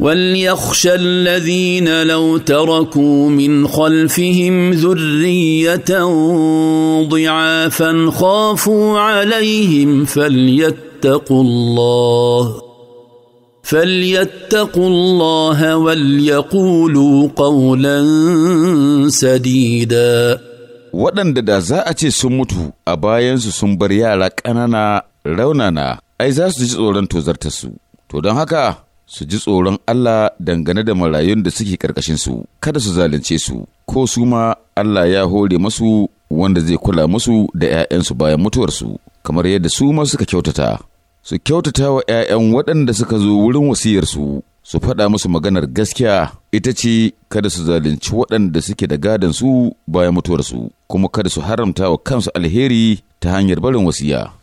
وليخشى الذين لو تركوا من خلفهم ذريه ضعافا خافوا عليهم فليتقوا الله فليتقوا الله وليقولوا قولا سديدا waɗanda da za a ce sun mutu a bayansu sun bar yara ƙanana raunana ai za su ji tsoron tozartarsu to don haka su ji tsoron Allah dangane da marayun da suke su kada su zalunce su, ko su ma Allah ya hore masu wanda zai kula musu da ‘ya'yansu bayan mutuwarsu, kamar yadda su ma suka kyautata. Su kyautata wa ‘ya'yan waɗanda suka zo wurin wasiyarsu, su faɗa musu maganar gaskiya ita ce kada su zalunci waɗanda suke da gadon su bayan mutuwarsu, kuma kada su haramta wa kansu alheri ta hanyar barin wasiya.